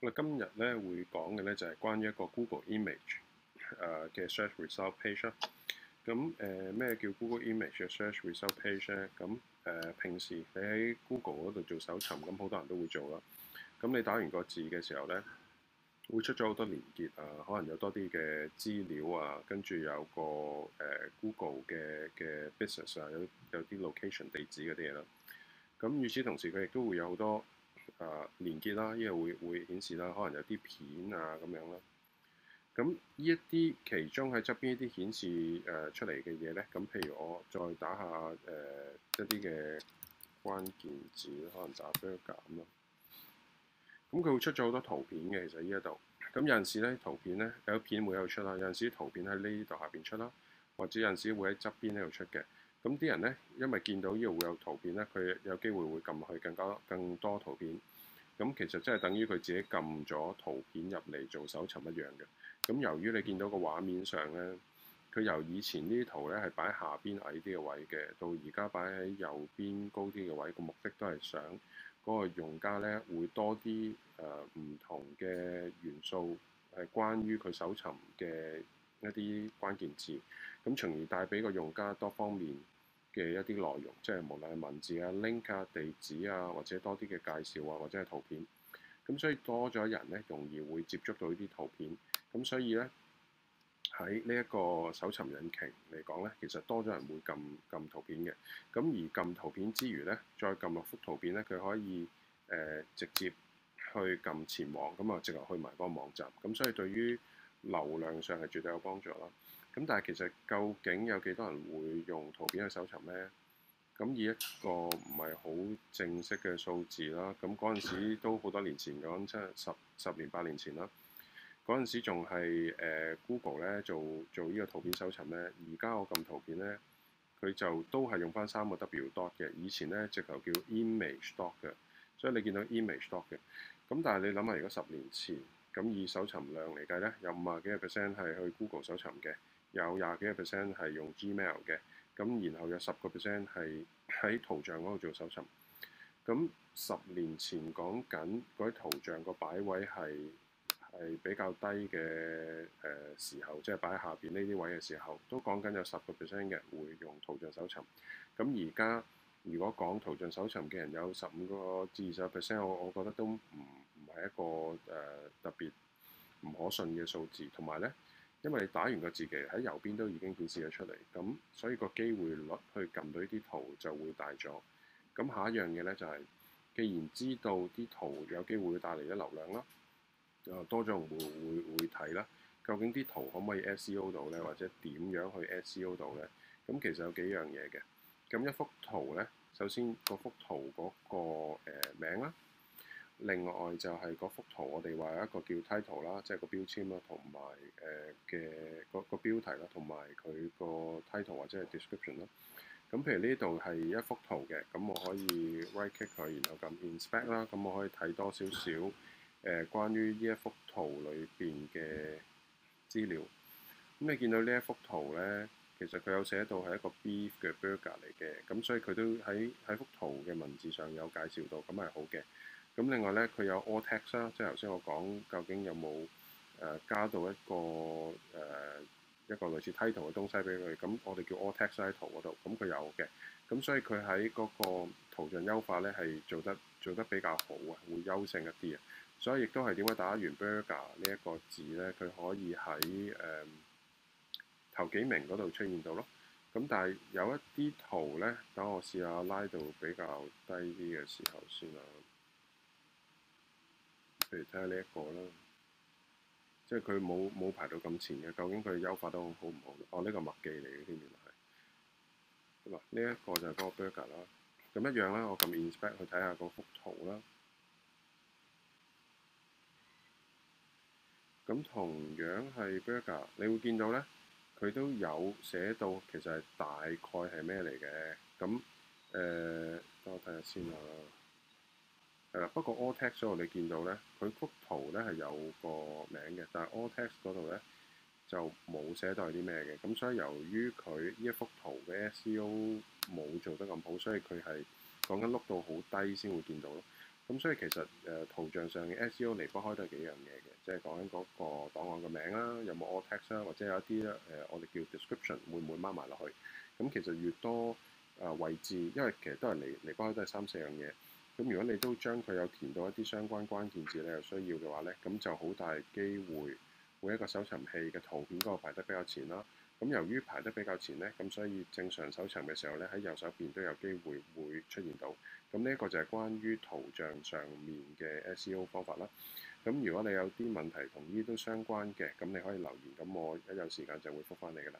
今日咧會講嘅咧就係關於一個 Google Image 誒嘅 Search Result Page，啊。咁誒咩叫 Google Image 嘅，啊、Search Result Page 咧，啊？咁、呃、誒平時你喺 Google 嗰度做搜尋，咁好多人都會做啦。咁、啊、你打完個字嘅時候咧，會出咗好多連結啊，可能有多啲嘅資料啊，跟住有個誒、呃、Google 嘅嘅 Business 啊，有有啲 location 地址嗰啲嘢啦。咁、啊、與此同時，佢亦都會有好多。啊，連結啦，依個會會顯示啦，可能有啲片啊咁樣啦。咁呢一啲其中喺側邊一啲顯示誒出嚟嘅嘢咧，咁譬如我再打下誒、呃、一啲嘅關鍵字，可能就係 filter 咁咯。咁佢會出咗好多圖片嘅，其實呢一度。咁有陣時咧圖片咧有片會有出啦，有陣時啲圖片喺呢度下邊出啦，或者有陣時會喺側邊呢度出嘅。咁啲人咧，因為見到呢度會有圖片咧，佢有機會會撳去更加更多圖片。咁其實真係等於佢自己撳咗圖片入嚟做搜尋一樣嘅。咁由於你見到個畫面上咧，佢由以前呢啲圖咧係擺下邊矮啲嘅位嘅，到而家擺喺右邊高啲嘅位，個目的都係想嗰個用家咧會多啲誒唔同嘅元素係關於佢搜尋嘅一啲關鍵字，咁從而帶俾個用家多方面嘅一啲內容，即係無論係文字啊、link 啊、地址啊，或者多啲嘅介紹啊，或者係圖片，咁所以多咗人呢，容易會接觸到呢啲圖片，咁所以呢，喺呢一個搜尋引擎嚟講呢，其實多咗人會撳撳圖片嘅，咁而撳圖片之餘呢，再撳落幅圖片呢，佢可以誒、呃、直接去撳前往，咁啊直頭去埋個網站，咁所以對於流量上係絕對有幫助啦。咁但係其實究竟有幾多人會用圖片去搜尋呢？咁以一個唔係好正式嘅數字啦。咁嗰陣時都好多年前講，即係十十年八年前啦。嗰陣時仲係誒 Google 咧做做呢個圖片搜尋呢。而家我撳圖片呢，佢就都係用翻三個 w dot 嘅。以前呢，直頭叫 image dot 嘅，所以你見到 image dot 嘅。咁但係你諗下，如果十年前咁以搜尋量嚟計呢，有五啊幾個 percent 係去 Google 搜尋嘅。有廿幾個 percent 係用 Gmail 嘅，咁然後有十個 percent 係喺圖像嗰度做搜尋。咁十年前講緊嗰啲圖像個擺位係係比較低嘅誒時候，即係擺喺下邊呢啲位嘅時候，都講緊有十個 percent 嘅人會用圖像搜尋。咁而家如果講圖像搜尋嘅人有十五個至二十 percent，我我覺得都唔唔係一個誒特別唔可信嘅數字，同埋咧。因為你打完個字旗喺右邊都已經顯示咗出嚟，咁所以個機會率去撳到呢啲圖就會大咗。咁下一樣嘢咧就係，是，既然知道啲圖有機會會帶嚟啲流量啦，誒多咗人會會會睇啦，究竟啲圖可唔可以 SEO 到咧，或者點樣去 SEO 到咧？咁其實有幾樣嘢嘅。咁一幅圖咧，首先嗰幅圖嗰、那個、呃、名啦。另外就係嗰幅圖，我哋話有一個叫 title 啦，即係個標籤啦，同埋誒嘅嗰個標題啦，同埋佢個 title 或者係 description 啦。咁譬如呢度係一幅圖嘅，咁我可以 right click 佢，然後撳 inspect 啦，咁我可以睇多少少誒、呃、關於呢一幅圖裏邊嘅資料。咁你見到呢一幅圖咧，其實佢有寫到係一個 beef 嘅 burger 嚟嘅，咁所以佢都喺喺幅圖嘅文字上有介紹到，咁係好嘅。咁另外咧，佢有 alt text 啊，即係頭先我講究竟有冇誒、呃、加到一個誒、呃、一個類似 title 嘅東西俾佢。咁、嗯、我哋叫 alt text 喺圖嗰度，咁佢有嘅。咁、嗯、所以佢喺嗰個圖像優化咧係做得做得比較好啊，會優勝一啲啊。所以亦都係點解打完 burger 呢一個字咧，佢可以喺誒、嗯、頭幾名嗰度出現到咯。咁但係有一啲圖咧，等我試下拉到比較低啲嘅時候先啦。譬如睇下呢一個啦，即係佢冇冇排到咁前嘅，究竟佢優化得好唔好？哦，呢個麥記嚟嘅添原來係，咁啊呢一個就係嗰個 burger 啦，咁一樣啦，我撳 inspect 去睇下嗰幅圖啦，咁同樣係 burger，你會見到咧，佢都有寫到其實係大概係咩嚟嘅，咁誒，等我睇下先啊。係不過 Alt Text 嗰度你見到咧，佢幅圖咧係有個名嘅，但係 Alt Text 嗰度咧就冇寫到係啲咩嘅。咁所以由於佢呢一幅圖嘅 SEO 冇做得咁好，所以佢係講緊碌到好低先會見到咯。咁所以其實誒、呃、圖像上嘅 SEO 離不開都係幾樣嘢嘅，即係講緊嗰個檔案嘅名啦，有冇 Alt Text 啦，或者有一啲誒、呃、我哋叫 description 會唔會掹埋落去？咁其實越多誒、呃、位置，因為其實都係離離不開都係三四樣嘢。咁如果你都將佢有填到一啲相關關鍵字，你有需要嘅話咧，咁就好大機會每一個搜尋器嘅圖片嗰個排得比較前啦。咁由於排得比較前咧，咁所以正常搜尋嘅時候咧，喺右手邊都有機會會出現到。咁呢一個就係關於圖像上面嘅 SEO 方法啦。咁如果你有啲問題同呢都相關嘅，咁你可以留言，咁我一有時間就會覆返你㗎喇。